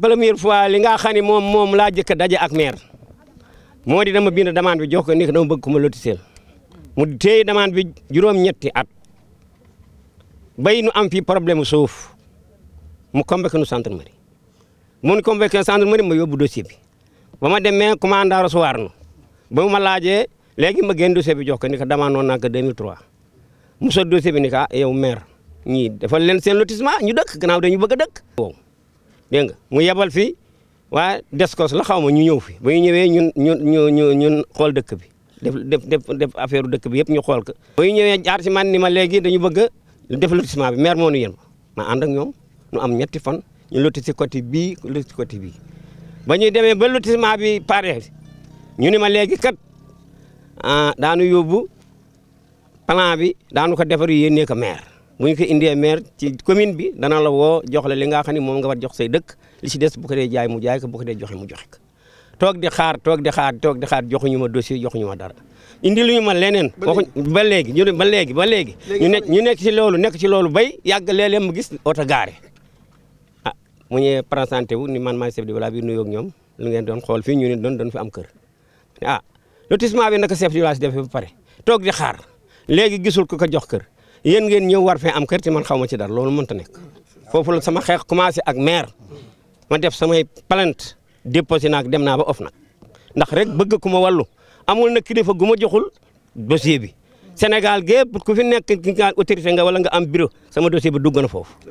première fois li nga xam ne moom moom laa jëkk daje ak maire moo di dama bind demande bi jox ko ni dama bëgg ku ma lotiseel mu téye demande bi juróom-ñetti at bay nu am fii problème suuf mu convoqué nu gendarmerie mu convoqué gendarmerie ma yóbbu dossier bi ba ma demee commandant recevoir nu ba mu ma laajee léegi ma génn dossier bi jox ko demande noon naa ko 2003 mu sot dossier bi ni ko ah, yow maire ñii dafa leen seen lotissement ñu dëkk gannaaw dañu bëgg a dëkk. dégg nga mu yebal fi waa Descos la xaw ma ñu ñëw fi ba ñu ñëwee ñun ñun ñu ñu ñun xool dëkk bi def def def affaire dëkk bi yëpp ñu xool ko. ba ñu ñëwee jaar si man ni ma léegi dañu bëgg a def lotissement bi maire moo nu yéen ma ànd ak ñoom ñu am ñetti fan ñu loti si côté bii loti si côté bii. ba ñuy demee ba lotissement bi pare ñu ni ma léegi kat ah, daanu yóbbu plan bi daanu ko defar yéenee ko maire. bu ñu ko indee maire ci commune bi dana la woo jox la li nga xam ne moom nga war jox say dëkk li ci des bu ko dee jaay mu jaay ko bu dee joxe mu joxe ko toog di xaar toog di xaar toog di joxuñu ma dossier joxuñu ma dara indi lu ma leneen waxuñ ba léegi ñu ba léegi ba léegi ñu nekk ñu nekk ci loolu nekk ci loolu bay yàgg léeg mu gis oto gaare ah mu ñëwee présenté wu ni man maay chef de village bi nuyoo ñoom lu ngeen doon xool fii ñu ne doon doon fi kër ah lotissement bi naka chef de village defee ba pare toog di xaar léegi gisul ko ko jox kër yéen ngeen ñëw war fee am kër ci man xaw ma ci dara loolu mënta nekk foofu la sama xeex commencé ak maire ma def samay plainte déposé naag dem naa ba of nag ndax rek bëgg ku ma wàllu amul na kilifa gu ma joxul dossier bi Sénégal gépp ku fi nekk ki nga autorité nga wala nga am bureau sama dossier bi dugg foofu